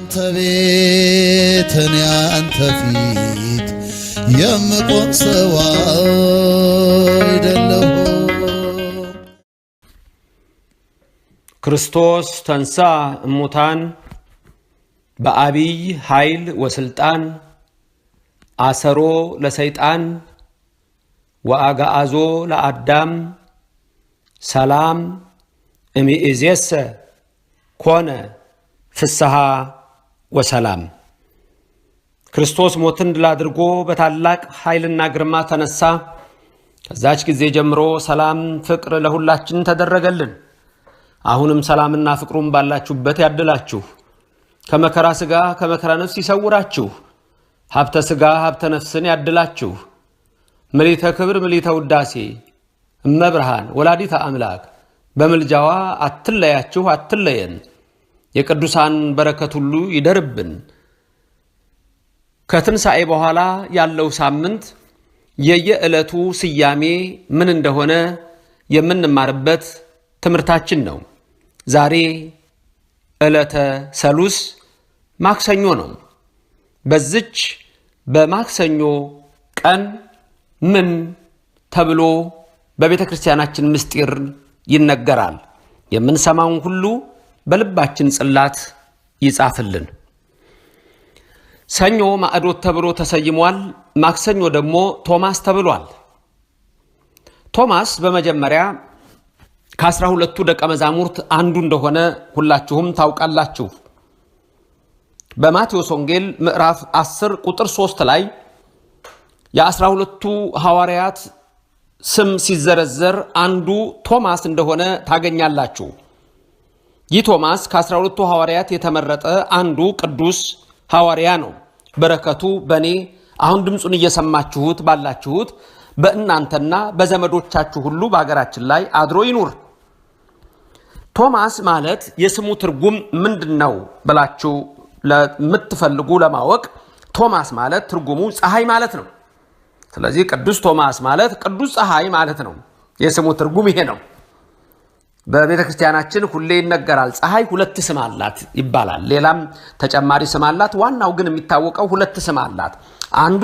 አንተ ቤት እኔ አንተ ፊት የምቆም ሰው አይደለሁ። ክርስቶስ ተንሳ እሙታን በአቢይ ኃይል ወስልጣን አሰሮ ለሰይጣን ወአግዓዞ ለአዳም ሰላም እምይእዜሰ ኮነ ፍስሐ ወሰላም ክርስቶስ ሞትን ድል አድርጎ በታላቅ ኃይልና ግርማ ተነሳ። ከዛች ጊዜ ጀምሮ ሰላም፣ ፍቅር ለሁላችን ተደረገልን። አሁንም ሰላምና ፍቅሩን ባላችሁበት ያድላችሁ። ከመከራ ሥጋ ከመከራ ነፍስ ይሰውራችሁ። ሀብተ ሥጋ ሀብተ ነፍስን ያድላችሁ። ምሊተ ክብር ምሊተ ውዳሴ እመብርሃን ወላዲተ አምላክ በምልጃዋ አትለያችሁ፣ አትለየን። የቅዱሳን በረከት ሁሉ ይደርብን። ከትንሣኤ በኋላ ያለው ሳምንት የየዕለቱ ስያሜ ምን እንደሆነ የምንማርበት ትምህርታችን ነው። ዛሬ ዕለተ ሰሉስ ማክሰኞ ነው። በዝች በማክሰኞ ቀን ምን ተብሎ በቤተ ክርስቲያናችን ምስጢር ይነገራል? የምንሰማውን ሁሉ በልባችን ጽላት ይጻፍልን። ሰኞ ማዕዶት ተብሎ ተሰይሟል። ማክሰኞ ደግሞ ቶማስ ተብሏል። ቶማስ በመጀመሪያ ከአስራ ሁለቱ ደቀ መዛሙርት አንዱ እንደሆነ ሁላችሁም ታውቃላችሁ። በማቴዎስ ወንጌል ምዕራፍ 10 ቁጥር 3 ላይ የአስራ ሁለቱ ሐዋርያት ስም ሲዘረዘር አንዱ ቶማስ እንደሆነ ታገኛላችሁ። ይህ ቶማስ ከ12ቱ ሐዋርያት የተመረጠ አንዱ ቅዱስ ሐዋርያ ነው። በረከቱ በእኔ አሁን ድምፁን እየሰማችሁት ባላችሁት በእናንተና በዘመዶቻችሁ ሁሉ በሀገራችን ላይ አድሮ ይኑር። ቶማስ ማለት የስሙ ትርጉም ምንድን ነው ብላችሁ ለምትፈልጉ ለማወቅ ቶማስ ማለት ትርጉሙ ፀሐይ ማለት ነው። ስለዚህ ቅዱስ ቶማስ ማለት ቅዱስ ፀሐይ ማለት ነው። የስሙ ትርጉም ይሄ ነው። በቤተ ክርስቲያናችን ሁሌ ይነገራል። ፀሐይ ሁለት ስም አላት ይባላል። ሌላም ተጨማሪ ስም አላት። ዋናው ግን የሚታወቀው ሁለት ስም አላት። አንዱ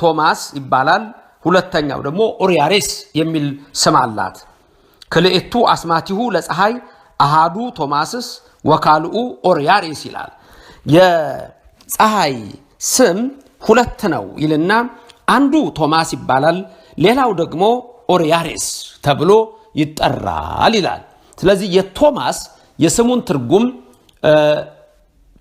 ቶማስ ይባላል። ሁለተኛው ደግሞ ኦሪያሬስ የሚል ስም አላት። ክልኤቱ አስማቲሁ ለፀሐይ አሃዱ ቶማስስ ወካልኡ ኦሪያሬስ ይላል። የፀሐይ ስም ሁለት ነው ይልና አንዱ ቶማስ ይባላል። ሌላው ደግሞ ኦሪያሬስ ተብሎ ይጠራል ይላል። ስለዚህ የቶማስ የስሙን ትርጉም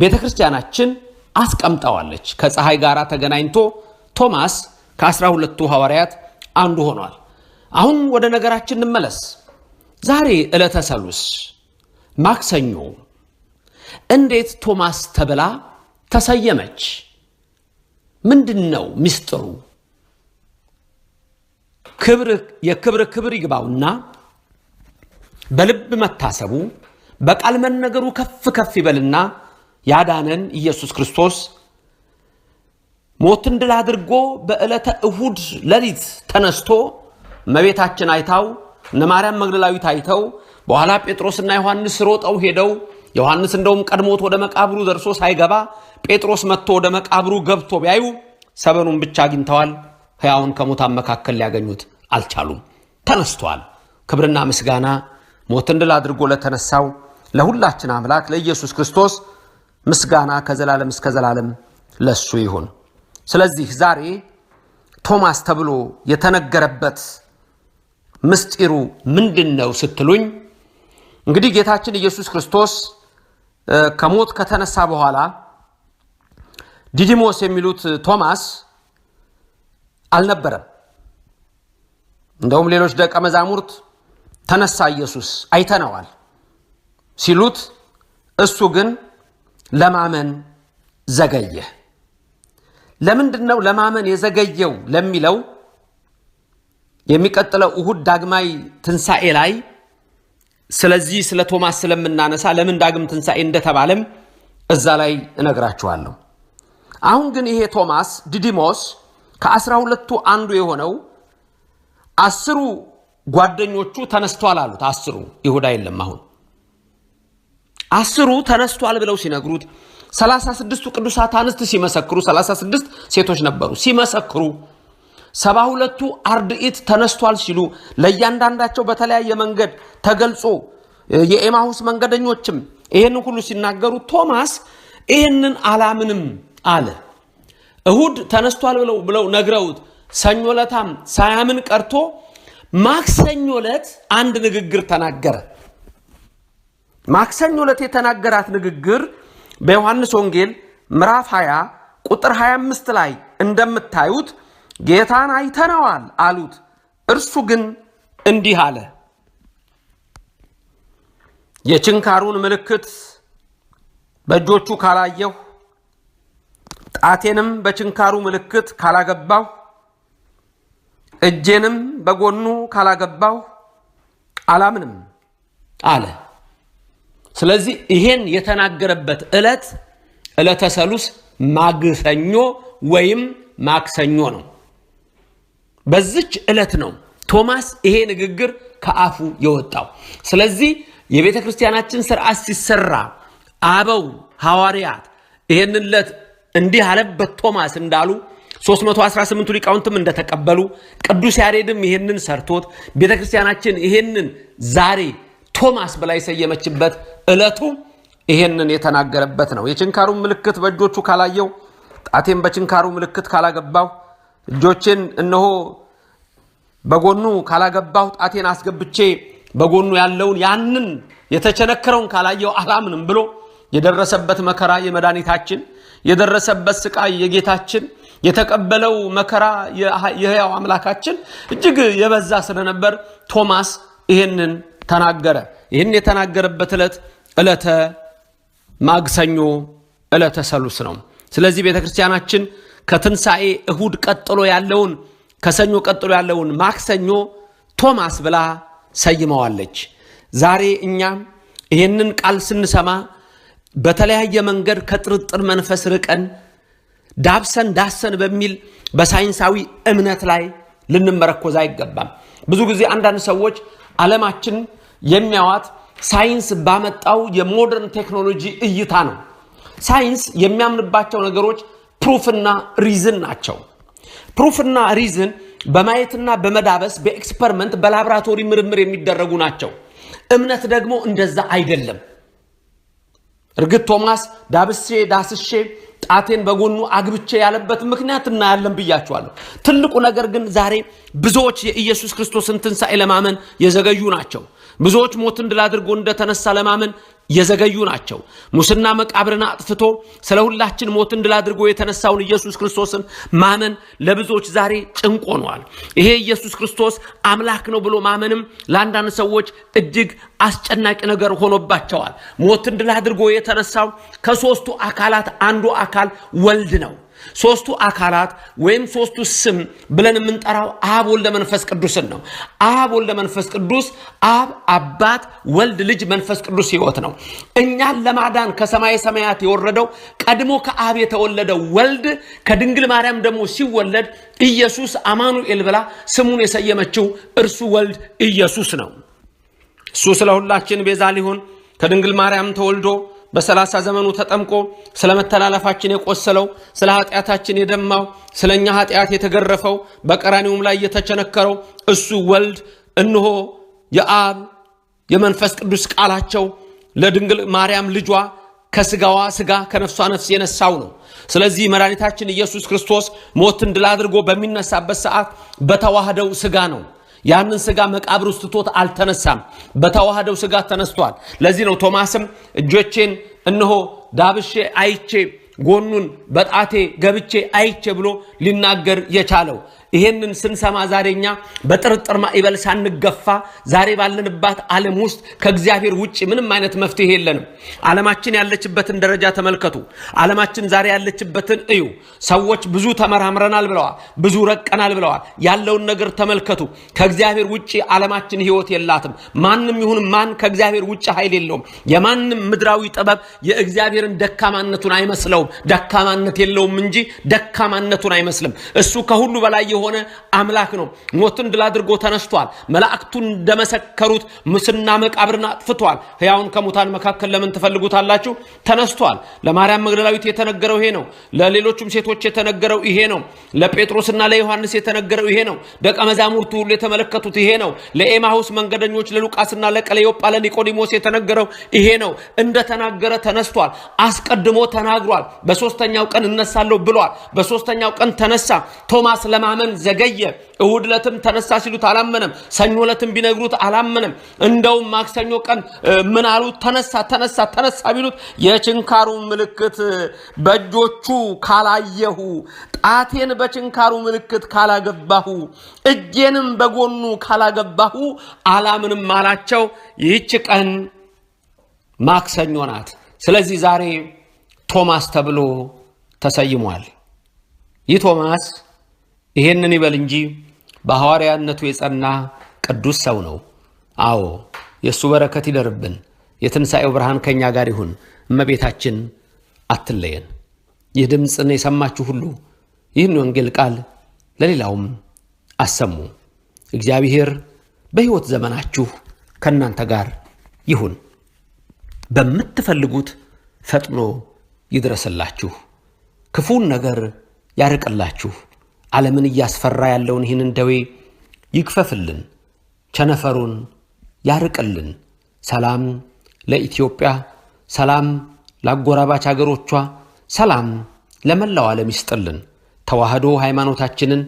ቤተ ክርስቲያናችን አስቀምጠዋለች። ከፀሐይ ጋር ተገናኝቶ ቶማስ ከአስራ ሁለቱ ሐዋርያት አንዱ ሆኗል። አሁን ወደ ነገራችን እንመለስ። ዛሬ ዕለተ ሰሉስ ማክሰኞ እንዴት ቶማስ ተብላ ተሰየመች? ምንድን ነው ምስጢሩ? የክብር ክብር ይግባውና በልብ መታሰቡ በቃል መነገሩ ከፍ ከፍ ይበልና ያዳነን ኢየሱስ ክርስቶስ ሞትን ድል አድርጎ በዕለተ እሁድ ሌሊት ተነስቶ እመቤታችን አይታው እነ ማርያም መግደላዊት አይተው በኋላ ጴጥሮስና ዮሐንስ ሮጠው ሄደው ዮሐንስ እንደውም ቀድሞት ወደ መቃብሩ ደርሶ ሳይገባ ጴጥሮስ መጥቶ ወደ መቃብሩ ገብቶ ቢያዩ ሰበኑን ብቻ አግኝተዋል። ሕያውን ከሙታን መካከል ሊያገኙት አልቻሉም። ተነስተዋል። ክብርና ምስጋና ሞትን ድል አድርጎ ለተነሳው ለሁላችን አምላክ ለኢየሱስ ክርስቶስ ምስጋና ከዘላለም እስከ ዘላለም ለሱ ይሁን። ስለዚህ ዛሬ ቶማስ ተብሎ የተነገረበት ምስጢሩ ምንድን ነው ስትሉኝ፣ እንግዲህ ጌታችን ኢየሱስ ክርስቶስ ከሞት ከተነሳ በኋላ ዲዲሞስ የሚሉት ቶማስ አልነበረም። እንደውም ሌሎች ደቀ መዛሙርት ተነሳ ኢየሱስ አይተነዋል ሲሉት እሱ ግን ለማመን ዘገየ። ለምንድን ነው ለማመን የዘገየው ለሚለው የሚቀጥለው እሁድ ዳግማይ ትንሣኤ ላይ ስለዚህ ስለ ቶማስ ስለምናነሳ ለምን ዳግም ትንሣኤ እንደተባለም እዛ ላይ እነግራችኋለሁ። አሁን ግን ይሄ ቶማስ ዲዲሞስ ከአስራ ሁለቱ አንዱ የሆነው አስሩ ጓደኞቹ ተነስቷል አሉት። አስሩ ይሁዳ የለም አሁን አስሩ ተነስቷል ብለው ሲነግሩት ሰላሳ ስድስቱ ቅዱሳት አንስት ሲመሰክሩ ሰላሳ ስድስት ሴቶች ነበሩ ሲመሰክሩ ሰባ ሁለቱ አርድኢት ተነስቷል ሲሉ ለእያንዳንዳቸው በተለያየ መንገድ ተገልጾ የኤማሁስ መንገደኞችም ይህንን ሁሉ ሲናገሩ ቶማስ ይህንን አላምንም አለ። እሁድ ተነስቷል ብለው ብለው ነግረውት ሰኞ ለታም ሳያምን ቀርቶ ማክሰኞ ዕለት አንድ ንግግር ተናገረ። ማክሰኞ ዕለት የተናገራት ንግግር በዮሐንስ ወንጌል ምዕራፍ 20 ቁጥር 25 ላይ እንደምታዩት ጌታን አይተነዋል አሉት። እርሱ ግን እንዲህ አለ፣ የችንካሩን ምልክት በእጆቹ ካላየሁ፣ ጣቴንም በችንካሩ ምልክት ካላገባሁ፣ እጄንም በጎኑ ካላገባሁ አላምንም አለ። ስለዚህ ይሄን የተናገረበት ዕለት ዕለተ ሰሉስ ማግሰኞ ወይም ማክሰኞ ነው። በዚች ዕለት ነው ቶማስ ይሄ ንግግር ከአፉ የወጣው። ስለዚህ የቤተ ክርስቲያናችን ስርዓት ሲሰራ አበው ሐዋርያት ይሄንን ዕለት እንዲህ አለበት ቶማስ እንዳሉ 318ቱ ሊቃውንትም እንደተቀበሉ ቅዱስ ያሬድም ይህንን ሰርቶት ቤተ ክርስቲያናችን ይህንን ዛሬ ቶማስ ብላ የሰየመችበት ዕለቱ ይህንን የተናገረበት ነው። የችንካሩ ምልክት በእጆቹ ካላየው ጣቴን በችንካሩ ምልክት ካላገባው እጆቼን እነሆ በጎኑ ካላገባሁ ጣቴን አስገብቼ በጎኑ ያለውን ያንን የተቸነከረውን ካላየው አላምንም ብሎ የደረሰበት መከራ የመድኃኒታችን የደረሰበት ስቃይ የጌታችን የተቀበለው መከራ የህያው አምላካችን እጅግ የበዛ ስለነበር ቶማስ ይህንን ተናገረ። ይህን የተናገረበት ዕለት ዕለተ ማግሰኞ ዕለተ ሰሉስ ነው። ስለዚህ ቤተ ክርስቲያናችን ከትንሣኤ እሁድ ቀጥሎ ያለውን ከሰኞ ቀጥሎ ያለውን ማክሰኞ ቶማስ ብላ ሰይመዋለች። ዛሬ እኛ ይህንን ቃል ስንሰማ በተለያየ መንገድ ከጥርጥር መንፈስ ርቀን ዳብሰን ዳሰን በሚል በሳይንሳዊ እምነት ላይ ልንመረኮዝ አይገባም። ብዙ ጊዜ አንዳንድ ሰዎች ዓለማችን የሚያዋት ሳይንስ ባመጣው የሞደርን ቴክኖሎጂ እይታ ነው። ሳይንስ የሚያምንባቸው ነገሮች ፕሩፍና ሪዝን ናቸው። ፕሩፍና ሪዝን በማየትና በመዳበስ በኤክስፐሪመንት በላብራቶሪ ምርምር የሚደረጉ ናቸው። እምነት ደግሞ እንደዛ አይደለም። እርግጥ ቶማስ ዳብሴ ዳስሼ ጣቴን በጎኑ አግብቼ ያለበት ምክንያት እናያለን ብያችኋለሁ። ትልቁ ነገር ግን ዛሬ ብዙዎች የኢየሱስ ክርስቶስን ትንሣኤ ለማመን የዘገዩ ናቸው። ብዙዎች ሞትን ድል አድርጎ እንደተነሳ ለማመን የዘገዩ ናቸው። ሙስና መቃብርን አጥፍቶ ስለ ሁላችን ሞትን ድል አድርጎ የተነሳውን ኢየሱስ ክርስቶስን ማመን ለብዙዎች ዛሬ ጭንቅ ሆኗል። ይሄ ኢየሱስ ክርስቶስ አምላክ ነው ብሎ ማመንም ለአንዳንድ ሰዎች እጅግ አስጨናቂ ነገር ሆኖባቸዋል። ሞትን ድል አድርጎ የተነሳው ከሦስቱ አካላት አንዱ አካል ወልድ ነው። ሶስቱ አካላት ወይም ሶስቱ ስም ብለን የምንጠራው አብ ወልደ መንፈስ ቅዱስን ነው። አብ ወልደ መንፈስ ቅዱስ አብ አባት፣ ወልድ ልጅ፣ መንፈስ ቅዱስ ህይወት ነው። እኛን ለማዳን ከሰማይ ሰማያት የወረደው ቀድሞ ከአብ የተወለደው ወልድ ከድንግል ማርያም ደግሞ ሲወለድ ኢየሱስ አማኑኤል ብላ ስሙን የሰየመችው እርሱ ወልድ ኢየሱስ ነው። እሱ ስለ ሁላችን ቤዛ ሊሆን ከድንግል ማርያም ተወልዶ በሰላሳ ዘመኑ ተጠምቆ ስለ መተላለፋችን የቆሰለው ስለ ኃጢአታችን የደማው ስለ እኛ ኃጢአት የተገረፈው በቀራኒውም ላይ የተቸነከረው እሱ ወልድ እንሆ የአብ የመንፈስ ቅዱስ ቃላቸው ለድንግል ማርያም ልጇ ከስጋዋ ስጋ ከነፍሷ ነፍስ የነሳው ነው። ስለዚህ መድኃኒታችን ኢየሱስ ክርስቶስ ሞትን ድል አድርጎ በሚነሳበት ሰዓት በተዋህደው ስጋ ነው ያንን ስጋ መቃብር ውስጥ ትቶት አልተነሳም። በተዋህደው ስጋ ተነስቷል። ለዚህ ነው ቶማስም እጆቼን እነሆ ዳብሼ አይቼ ጎኑን በጣቴ ገብቼ አይቼ ብሎ ሊናገር የቻለው ይሄንን ስንሰማ ዛሬኛ በጥርጥር ማዕበል ሳንገፋ ዛሬ ባለንባት ዓለም ውስጥ ከእግዚአብሔር ውጭ ምንም አይነት መፍትሄ የለንም። ዓለማችን ያለችበትን ደረጃ ተመልከቱ። ዓለማችን ዛሬ ያለችበትን እዩ። ሰዎች ብዙ ተመራምረናል ብለዋል፣ ብዙ ረቀናል ብለዋል። ያለውን ነገር ተመልከቱ። ከእግዚአብሔር ውጭ ዓለማችን ህይወት የላትም። ማንም ይሁን ማን ከእግዚአብሔር ውጭ ኃይል የለውም። የማንም ምድራዊ ጥበብ የእግዚአብሔርን ደካማነቱን አይመስለውም። ደካማነት የለውም እንጂ ደካማነቱን አይመስልም። እሱ ከሁሉ በላይ የሆነ አምላክ ነው። ሞትን ድል አድርጎ ተነስቷል። መላእክቱን እንደመሰከሩት ሙስና መቃብርን አጥፍቷል። ሕያውን ከሙታን መካከል ለምን ትፈልጉታላችሁ? ተነስቷል። ለማርያም መግደላዊት የተነገረው ይሄ ነው። ለሌሎችም ሴቶች የተነገረው ይሄ ነው። ለጴጥሮስና ለዮሐንስ የተነገረው ይሄ ነው። ደቀ መዛሙርቱ ሁሉ የተመለከቱት ይሄ ነው። ለኤማሁስ መንገደኞች፣ ለሉቃስና ለቀለዮጳ ለኒቆዲሞስ የተነገረው ይሄ ነው። እንደተናገረ ተነስቷል። አስቀድሞ ተናግሯል። በሶስተኛው ቀን እነሳለሁ ብሏል። በሶስተኛው ቀን ተነሳ። ቶማስ ለማመን ለምን ዘገየ? እሁድ ዕለትም ተነሳ ሲሉት አላመነም። ሰኞ ዕለትም ቢነግሩት አላመነም። እንደውም ማክሰኞ ቀን ምን አሉት? ተነሳ ተነሳ ተነሳ ቢሉት የችንካሩ ምልክት በእጆቹ ካላየሁ፣ ጣቴን በችንካሩ ምልክት ካላገባሁ፣ እጄንም በጎኑ ካላገባሁ አላምንም አላቸው። ይህች ቀን ማክሰኞ ናት። ስለዚህ ዛሬ ቶማስ ተብሎ ተሰይሟል። ይህ ቶማስ ይሄንን ይበል እንጂ በሐዋርያነቱ የጸና ቅዱስ ሰው ነው። አዎ የእሱ በረከት ይደርብን። የትንሣኤው ብርሃን ከእኛ ጋር ይሁን። እመቤታችን አትለየን። ይህ ድምፅን የሰማችሁ ሁሉ ይህን ወንጌል ቃል ለሌላውም አሰሙ። እግዚአብሔር በሕይወት ዘመናችሁ ከእናንተ ጋር ይሁን። በምትፈልጉት ፈጥኖ ይድረስላችሁ፣ ክፉን ነገር ያርቅላችሁ። ዓለምን እያስፈራ ያለውን ይህንን ደዌ ይክፈፍልን፣ ቸነፈሩን ያርቅልን። ሰላም ለኢትዮጵያ፣ ሰላም ለአጎራባች አገሮቿ፣ ሰላም ለመላው ዓለም ይስጥልን። ተዋህዶ ሃይማኖታችንን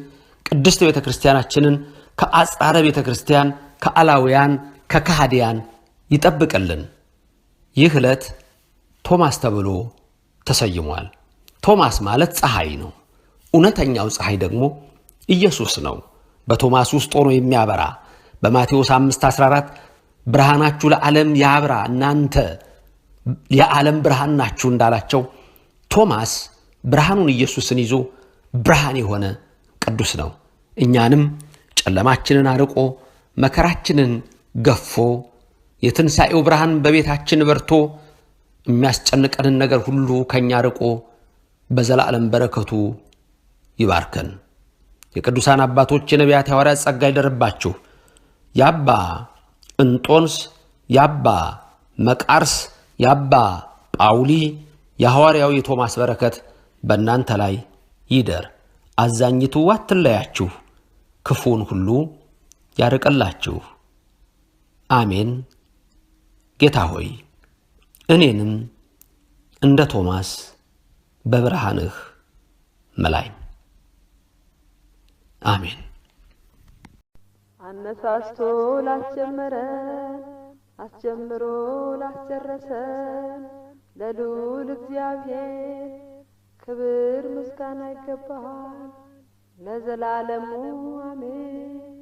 ቅድስት ቤተ ክርስቲያናችንን ከአጽራረ ቤተ ክርስቲያን፣ ከአላውያን፣ ከካህዲያን ይጠብቅልን። ይህ ዕለት ቶማስ ተብሎ ተሰይሟል። ቶማስ ማለት ፀሐይ ነው። እውነተኛው ፀሐይ ደግሞ ኢየሱስ ነው። በቶማስ ውስጥ ሆኖ የሚያበራ በማቴዎስ 5:14 ብርሃናችሁ ለዓለም ያብራ እናንተ የዓለም ብርሃን ናችሁ እንዳላቸው ቶማስ ብርሃኑን ኢየሱስን ይዞ ብርሃን የሆነ ቅዱስ ነው። እኛንም ጨለማችንን አርቆ መከራችንን ገፎ የትንሣኤው ብርሃን በቤታችን በርቶ የሚያስጨንቀንን ነገር ሁሉ ከእኛ ርቆ በዘላለም በረከቱ ይባርከን። የቅዱሳን አባቶች የነቢያት ሐዋርያት ጸጋ ይደርባችሁ። የአባ እንጦንስ፣ የአባ መቃርስ፣ የአባ ጳውሊ፣ የሐዋርያው የቶማስ በረከት በእናንተ ላይ ይደር። አዛኝቱ አትለያችሁ፣ ክፉን ሁሉ ያርቅላችሁ። አሜን። ጌታ ሆይ እኔንም እንደ ቶማስ በብርሃንህ መላኝ። አሜን። አነሳስቶ ላስጀመረን አስጀምሮ ላስጨረሰን ለልዑል እግዚአብሔር ክብር ምስጋና ይገባል ለዘላለሙ አሜን።